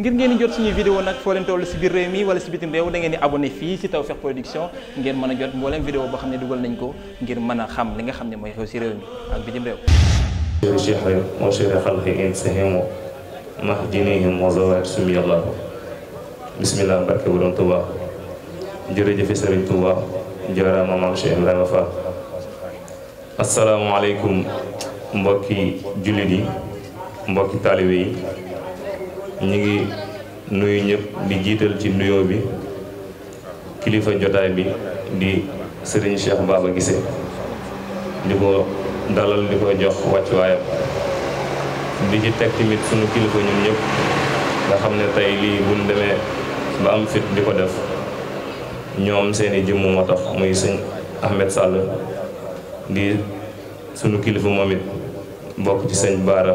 ngir ngeen di jot suñuy vidéo nag foo leen toll si biir réew mi wala si bitim réew da ngeen di abonné fii si Tawfekh Production ngeen mën a jot mboolem vidéo boo xam ne dugal nañ ko ngir mën a xam li nga xam ne mooy xew si réew mi ak bitim réew cheikhri wa cheikh xalqi insihim mahdinihim wa zawat sumi allahu bismillah mbarke borom Tuubaa jërëjëfe Sëriñ Tuubaa jaaraama maam Cheikh Ibrahima Fall asalaamaaleykum mbokki jullit yi mbokki taalibe yi ñu ngi nuyu ñëpp di jiital ci nuyoo bi kilifa jotaay bi di sëriñ Cheikh Baba Guissé di ko dalal di ko jox wàccuwaayam di ci teg tamit sunu kilifa ñun ñëpp nga xam ne tey lii buñ demee ba am fit di ko def ñoom seeni jëmm moo tax muy sëñ Ahmed Sall di sunu kilifa moom it bokk ci sëñ Baara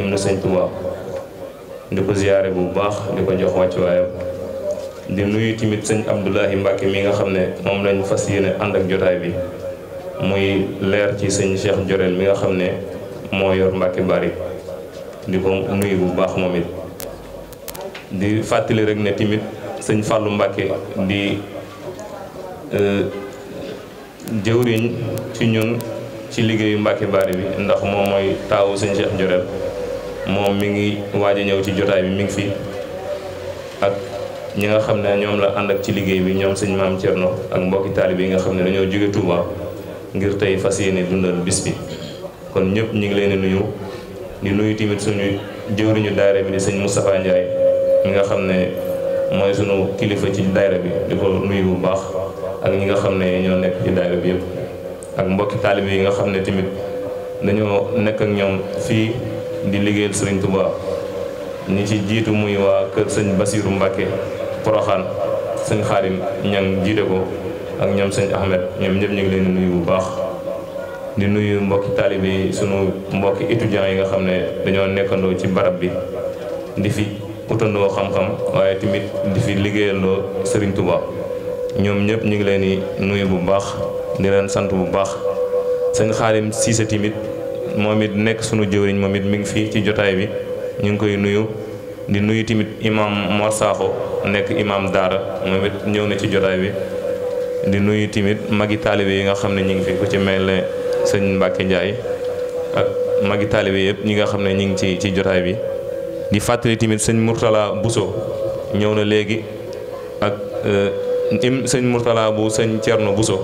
im na sëñ Touba di ko ziyaare bu baax di ko jox wàcc waayam di nuyu tamit sëñ Abdoulahi Mbacke mi nga xam ne moom lañu fas yéene ànd ak jotaay bi muy leer ci sëñ Cheikh Jorel mi nga xam ne moo yor Mbacke bari di ko nuyu bu baax moom it di fàttali rek ne tamit sëñ Fallou Mbacke di euh, jëwriñ ci ñun ci liggéeyu Mbacke bari bi ndax moom mooy taawu sëñ Cheikh Jorel moom mi ngi waaj a ñëw ci jotaay bi mi ngi fi ak ñi nga xam ne ñoom la ànd ak ci liggéey bi ñoom sëñ maam Thierno ak mbokki taalibe yi nga xam ne dañoo jóge Touba ngir tey fas yéene dundal bis bi kon ñëpp ñu ngi leen di nuyu di nuyu tamit suñu jëwriñu sëñ Moustapha Ndiaye nga xam ne mooy sunu kilifa ci daayira bi bu baax ñi nga xam ne ñoo nekk ci daayira ak mbokki yi nga xam ne tamit dañoo nekk ak ñoom fii di liggéeyal sëriñ Touba ñi ci jiitu muy waa kër sëñ Basiiru Mbàkke Poroxaan sëñ Xaadim ñang jiite ko ak ñoom sëñ Ahmed ñoom ñëpp ñu ngi leen di nuyu bu baax di nuyu mbokki taalibe yi sunu mbokki étudiants yi nga xam ne dañoo nekkandoo ci barab bi di fi utandoo xam-xam waaye tamit di fi liggéeyandoo sëriñ Touba ñoom ñëpp ñu ngi leen di nuyu bu baax di leen sant bu baax sëñ Xaadim Siise tamit moom it nekk suñu jëwriñ moom it mi ngi fii ci jotaay bi ñu ngi koy nuyu di nuyu tamit imam Mor Sakho nekk imaam daara moom it ñëw na ci jotaay bi di nuyu tamit magi taalibe yi nga xam ne ñu ngi fi ku ci mel ne sëñ Mbacke Ndiaye ak magi taalibe yëpp ñi nga xam ne ñu ngi ci ci jotaay bi di fàttali tamit sëñ Mourtala Bousso ñëw na léegi ak euh, sëñ Mourtala bu sëñ Thierno buso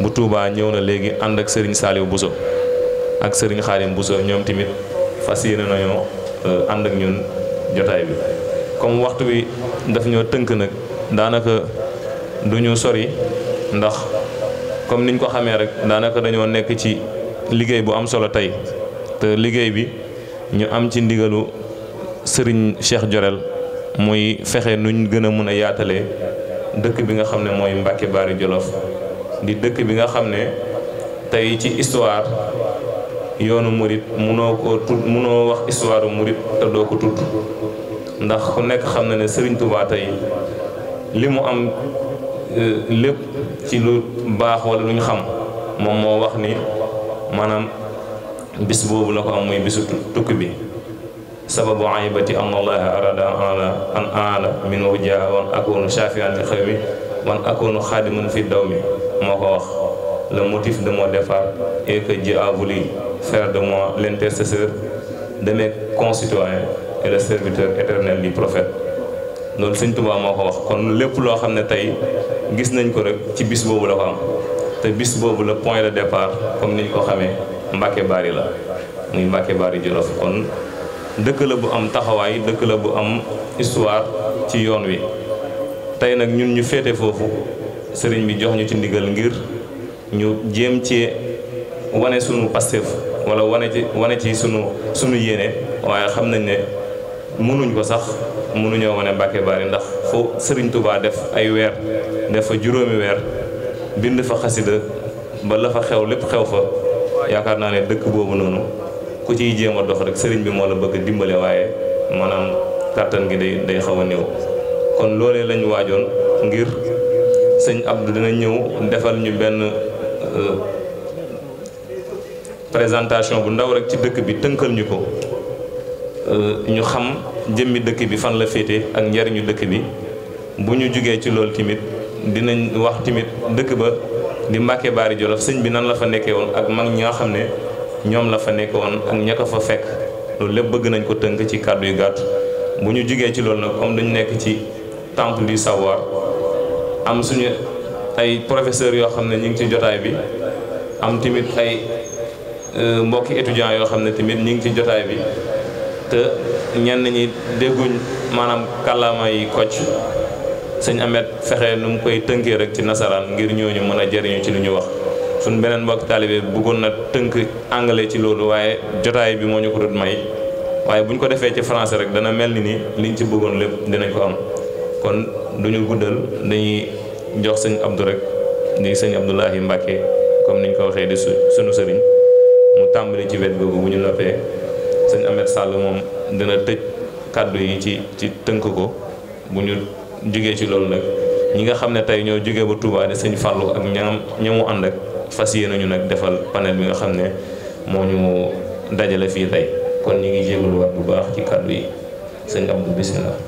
bu tuubaa ñëw na léegi ànd ak sëriñ Saliou Bousso ak sëriñ Xaadim Bousso ñoom tamit fas yéene nañoo euh, ànd ak ñun jotaay bi comme waxtu wi daf ñoo tënk nag daanaka du ñu sori ndax comme niñ ko xamee rek daanaka dañoo nekk ci liggéey bu am solo tey te liggéey bi ñu am ci ndigalu sëriñ Cheikh Jorel muy fexe nuñ gën a mën a yaatalee dëkk bi nga xam ne mooy Mbàkke bari Jolof di dëkk bi nga xam ne tey ci histoire yoonu murit munoo koo tudd munoo wax histoire murit te doo ko tudd ndax ku nekk xam na ne Serigne Touba tey li mu am e, lépp ci lu baax wala lu ñu xam moom moo wax ni maanaam bis boobu la ko am muy bisu tukki bi sababu aybati an allaha arada ala an ala min wujaa wan akoonu shafian li xew mi wan akoonu xaadiman fi daw mi moo ko wax la motif de mon départ est que Dieu a faire de moi l'intercesseur de mes concitoyens et le serviteur éternel du prophète loolu sëñ Tuubaa moo ko wax kon lépp loo xam ne tey gis nañ ko rek ci bis boobu la ko am te bis boobu la point de départ comme ñu ko xamee Mbàkke Bari la muy Mbàkke Bari Jolof kon dëkk la bu am taxawaay dëkk la bu am histoire ci yoon wi tey nag ñun ñu féete foofu sëriñ bi jox ñu ci ndigal ngir ñu jéem ci wane sunu Pastef wala wane ci wane ci sunu sunu yéene waaye xam nañ ne mënuñ ko sax mënuñoo wane Mbàkke Bari ndax fu Sëriñ Tuubaa def ay weer def fa juróomi weer bind fa xasida ba la fa xew lépp xew fa yaakaar naa ne dëkk boobu noonu ku ciy jéem a dox rek sëriñ bi moo la bëgg dimbale waaye maanaam kàttan gi day day xaw a néew kon loolee lañ waajoon ngir sëñ Abdou dina ñëw defal ñu benn euh, présentation bu ndaw rek ci dëkk bi tënkal ñu ko euh, ñu xam jëmmi dëkk bi fan la féete ak njariñu dëkk bi bu ñu jugee ci loolu tamit dinañ wax tamit dëkk ba di Mbàkke Baari Jolof sëñ bi nan la fa nekkee woon ak mag ñi xam ne ñoom la fa nekk woon ak ña ko fa fekk loolu lépp bëgg nañ ko tënk ci kàddu yu gàtt bu ñu jugee ci loolu nag comme dañu nekk ci temple du savoir am suñu ay professeurs yoo xam ne ñu ngi ci jotaay bi am tamit ay Euh, mbokki étudiants yoo xam ne tamit ñu ngi ci jotaay bi te ñenn nañu dégguñ maanaam kàllaama yi kocc sëñ Ahmed fexe nu mu koy tënkee rek ci nasaraan ngir ñooñu mën a jëriñu ci lu ñu wax suñ beneen mbokki taalibe bëggoon na tënk anglais ci loolu waaye jotaay bi moo ñu ko dut may waaye bu ñu ko defee ci français rek dana mel ni ni liñ ci bëggoon lépp dinañ ko am kon duñu guddal dañuy jox sëñ Abdou rek di sëñ Abdoulahi Mbacke comme niñ ko waxee di suñu mu tàmbali ci wet googu bu ñu noppee sëñ Ahmed Sall moom dina tëj kàddu yi ci ci tënk ko bu ñu jugee ci loolu nag ñi nga xam ne tey ñoo jugee ba Touba di sëñ Fallou ak ñam ñamu ànd ak fas yéene nañu nag defal panel bi nga xam ne moo ñu dajale fii tey kon ñu ngi jégalu waat bu baax ci kàddu yi sëñ Abdou bisimilah.